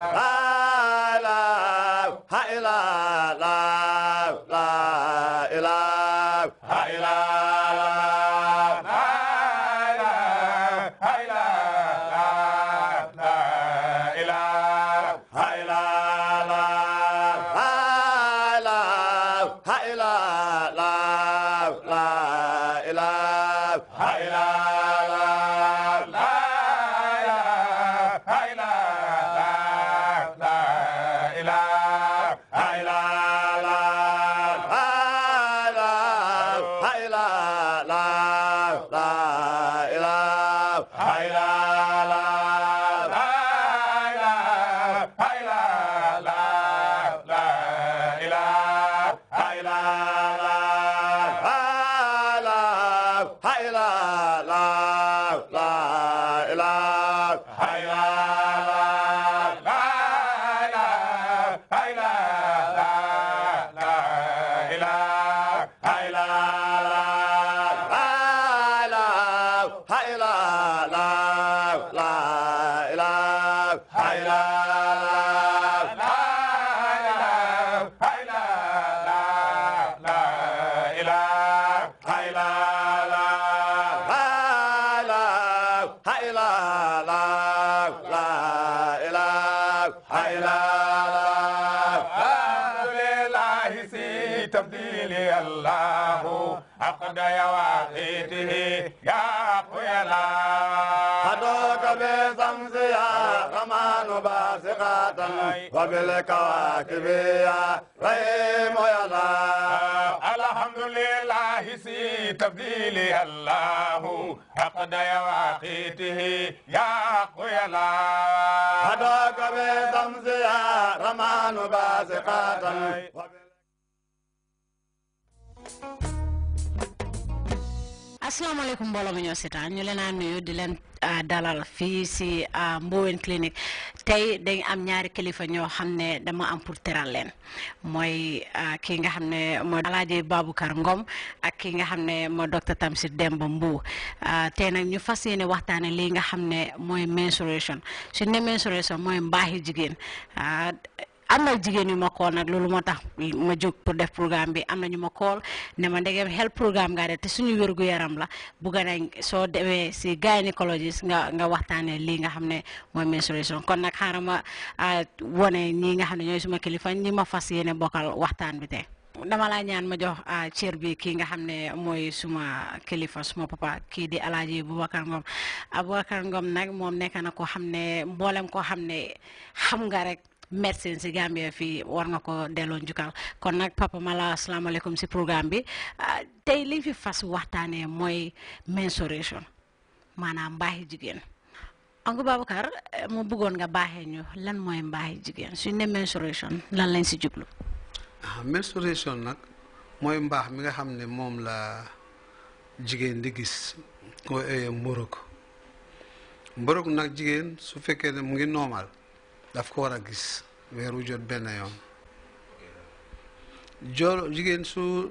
la la Hayla الله سي تبديلي الله عقد يواقيته يا قيلا أدوك بزمز يا غمان باسقة وبالكواكب يا ريم يلا الحمد لله سي تبديلي الله عقد يواقيته يا قيلا أدوك بزمز يا غمان باسقة asalaamaaleykum mbooloo mi ñoo seetaan ñu leen a nuyu di leen dalal fii si Mbowen clinique tey dañ am ñaari kilifa ñoo xam ne dama am pour teral leen mooy kii nga xam ne moo Alaaji Baboucarr Ngom ak kii nga xam ne moo docteur Tamsir Demba Mbuub tey nag ñu fas yéene waxtaane lii nga xam ne mooy menstruation su ne menstruation mooy jigéen am na jigéen yu ma kool nag loolu moo tax ma jóg pour def programme bi am na ñu ma kool ne ma ndegem health programme nga def te suñu wérgu yaram la bugg nañ soo demee si gynécologiste nga nga waxtaanee lii nga xam ne mooy menstruation kon nag xaaral ma wone ñii nga xam ne ñooy suma kilifa ñi ma fas yéene bokkal waxtaan bi tey. dama laa ñaan ma jox cër kii nga xam ne mooy suma kilifa suma papa kii di alaaji Boubacar Ngom Boubacar Ngom nag moom nekk na ko xam ne mboolem koo xam ne xam nga rek médecine si Gambia fii war nga ko delloo njukkal kon nag papa mala asalaamaaleykum si programme bi ah, tey liñ fi fas waxtaanee mooy mensuration maanaam mbaaxi jigéen Oncle Baboucarr eh, mu bëggoon nga baaxee ñu lan mooy mbaax mbaaxi jigéen suñ ne mensuration lan lañ si jublu. ah nag mooy mbaax mi nga xam ne moom la jigéen di gis ko mborog nag jigéen su fekkee ne mu ngi normal. daf ko war a gis weeru jot benn yoon joolo jigéen su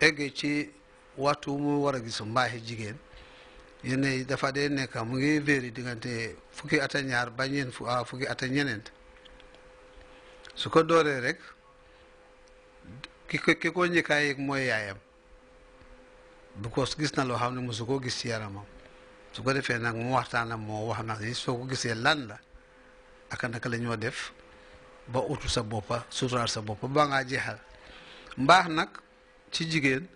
eggee ci wattu mu war a gis mbaaxi jigéen yenne yi dafa dee nekk mu ngi véeri diggante fukki ata ñaar ba ñeen fu waa ah, fukki ata ñeneent su ko dooree rek ki ko ki ko njëkkaayeeg mooy yaayam bu ko gis na loo xam ne mosu ko gis ci yaramam su ko defee nag mu waxtaan ak moo wax nag yi soo ko gisee lan la aka naka la def ba utu sa boppa suturaal sa boppa ba ngaa jeexal mbaax nag ci jigéen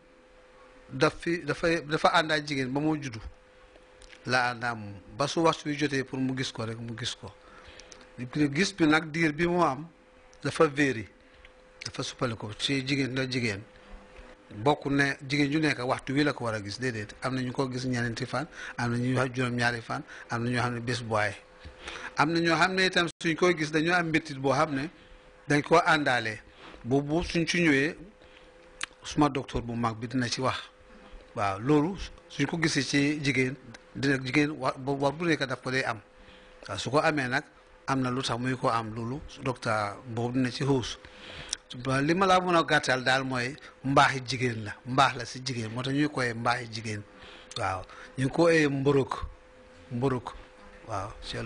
daf fi dafay dafa àndaa jigéen ba moo juddu la àndaa moom ba su waxtu wi jotee pour mu gis ko rek mu gis ko gis bi nag diir bi mu am dafa véeri dafa suppale ko ci jigéen na jigéen bokk ne jigéen ñu nekk waxtu wii la ko war a gis déedéet am na ñu ko gis ñeneenti fan am na ñuy wax juróom-ñaari fan am na ñoo xam ne bés bu waaye am na ñoo xam ne itam suñ koy gis dañoo am mbéttit boo xam ne dañ koo àndaale boobu suñ ci ñëwee suma docteur bu mag bi dina ci wax waaw loolu suñ ko gisee ci jigéen dina jigéen wa war bu nekk daf ko day am waaw su ko amee nag am na lu tax muy ko am loolu docteur boobu dina ci xuus ba li ma laa mën a gàttal daal mooy mbaaxi jigéen la mbaax la si jigéen moo tax ñuy koyee mbaaxi jigéen waaw ñu ngi ko ooyee mburuk mburuk waaw c'est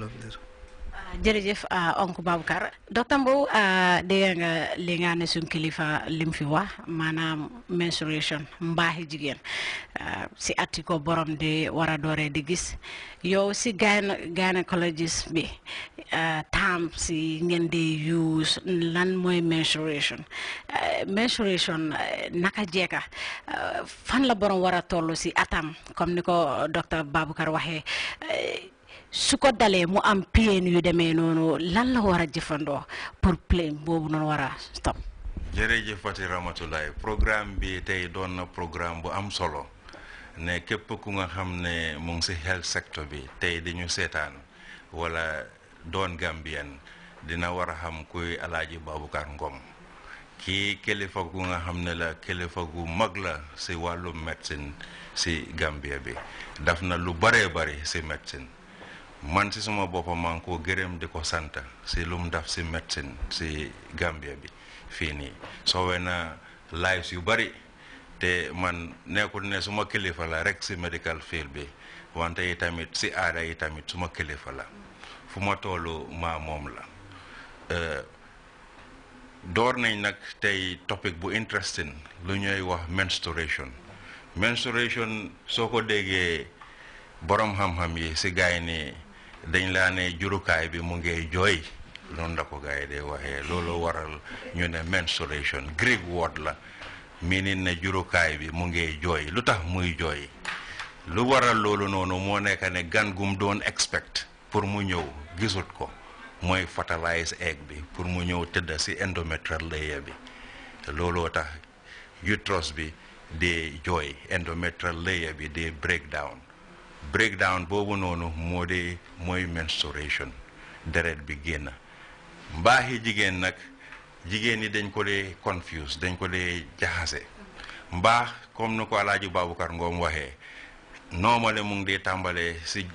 jërëjëf euh, oncle Baboucar docteur Mbow euh, dégg nga li nga ne lim fi wax maanaam menstruation mbaaxi jigéen euh, si atti ko borom di war a dooree di gis yow si gyne gynécologiste bi tam si ngeen di use lan mooy menstruation menstruation naka jeka fan la borom war a toll si atam comme ni ko docteur Baboucar waxee su ko dalee mu am PN yu demee noonu lan la war a jëfandoo pour plaine boobu noonu war a stop. jërëjëf Fati Ramatulaay programme bi tey doon na programme bu am solo ne képp ku nga xam ne mu si health sector bi tey dañu seetaan wala doon Gambien dina war a xam kuy Alaaji Baboucarr Ngom ki kilifa gu nga xam ne la kilifa gu mag la si wàllu médecine si Gambia bi daf na lu bëree bëri si médecine. man ci sama boppam ma ko koo di ko sant si lu mu def si médecine si Gambia bi fii nii soowee na lives yu bari te man nekkul ne suma kilifa la rek si medical field bi wante yi tamit si aada yi tamit suma kilifa la fu ma momla. ma moom la eh, door nañ nag tey topic bu interesting lu ñuy wax menstruation menstruation soo ko déggee borom xam-xam yi si gaay ni dañ laa ne jurukaay bi mu ngee jooy noonu la ko day waxee loolu waral ñu ne mensuration Greek word la meaning ne jurukaay bi mu ngee jooy lu tax muy jooy lu waral loolu noonu moo nekk ne gan gum doon expect pour mu ñëw gisut ko mooy fertilize egg bi pour mu ñëw tëdd si endometrial layer bi te looloo tax uterus bi dee jooy endometrial layer bi dee break down breakdown boobu noonu moo dee mooy menstruation deret bi génn mbaaxi jigéen nag jigéen ñi dañ ko dee confuse dañ ko dee jaxase mbaax comme nu ko alaaji Babacar Ngom waxee noomale mu ngi dee tàmbalee si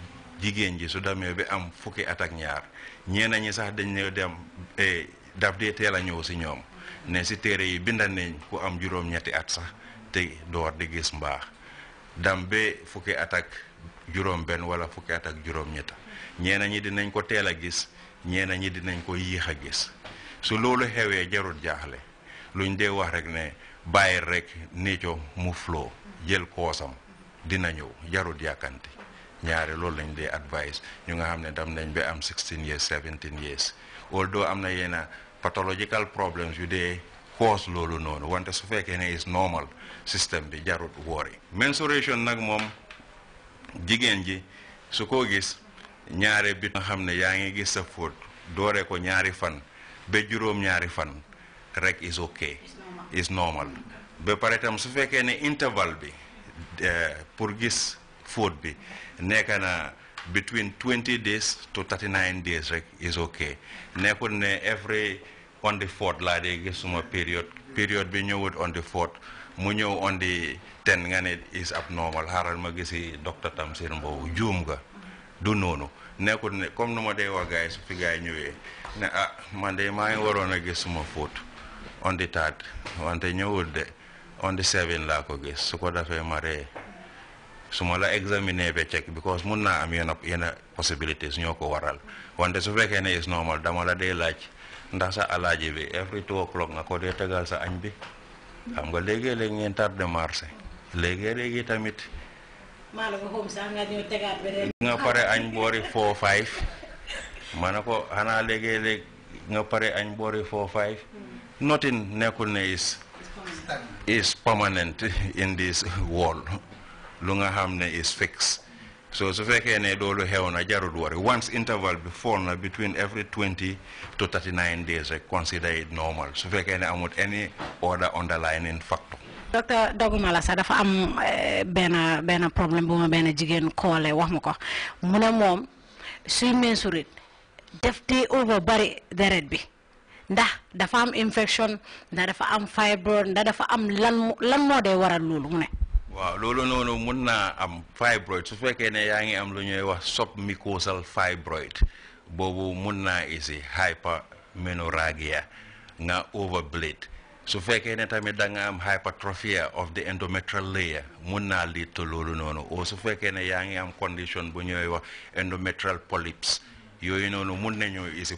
jigéen ji su damee bi am fukki at ak ñaar ñeena ñi sax dañ ne dem eh, daf dee teel a ñëw si ñoom ne si téere yi binda nañ ku am juróom-ñetti at sax te door di gis mbaax dam be fukki at ak juróom benn wala fukki at ak juróom ñett ñeena ñi dinañ ko teel a gis ñeena ñi dinañ ko yéex a gis su loolu xewee jarut jaaxle luñ dee wax rek ne bàyyi rek nico mu flow jël koosam dina ñëw jarut yàkkanti ñaare lool lañ dee advice ñu nga xam ne dam nañ ba am 16 years 17 years although am na yenn pathological problems yu dee cause loolu noonu wante su fekkee ne is normal système bi jarut woori mensuration nag moom jigéen ji su ko gis ñaare bit nga xam ne yaa ngi gis sa fóot doore ko ñaari fan ba juróom-ñaari fan rek is ok is normal ba pare tam su fekkee ne intervalle bi eh, pour gis fóot bi nekk na between 20 days to 39 days rek is ok nekkul ne every on the fourth laa dee gis suma période période bi ñëwut on the fourth mu ñëw on the ten nga ne is abnormal haral ma gisi docteur Tamsir Mbow joom nga du noonu nekkul ne comme numa day wa gay su fi gay ñewé ne ah man day maa ngi waroon gis suma fóot on the third wante ñewul de on the seven la ko gis su ko dafé maré suma la examiner be check because mun na am yena yena possibilities ñoko waral wante su fekké ne is normal dama la day laaj ndax sa alaaji bi every two o'clock nga ko dee tegal sa agn bi xam nga légué léegi ngeen tardé marché léegi léegi tamit. maa la ko xom sax nga ñëw tegaat beneen. nga pare añ boori four five Manako hana ko xanaa léegi léegi nga pare añ boori four five nothing nekkul ne is is permanent in this world lu nga xam is fixed so su fekkee ne loolu xew na jarut wari once interval before na between every 20 to 39 days rek consider it normal su fekkee ne amut any other underlying factor docteur doguma la sax dafa am eh, benn benn problème bu ma benn jigéen koole wax ma ko mu ne moom suy mensurit def over bari deret bi ndax dafa am infection ndax dafa am fibroid ndax dafa am lan lan moo dee waral loolu mu ne. waaw loolu noonu mun na am fibroid su fekkee ne yaa ngi am lu ñuy wax submucosal fibroid boobu mun na isi hypermenorrhagia nga overbleed su fekkee ne tamit da nga am hypertrophia of the endometrial layer mun naa lead to loolu noonu o su fekkee ne yaa ngi am condition bu ñooy wax endometrial polyps yooyu noonu mun nañoo isi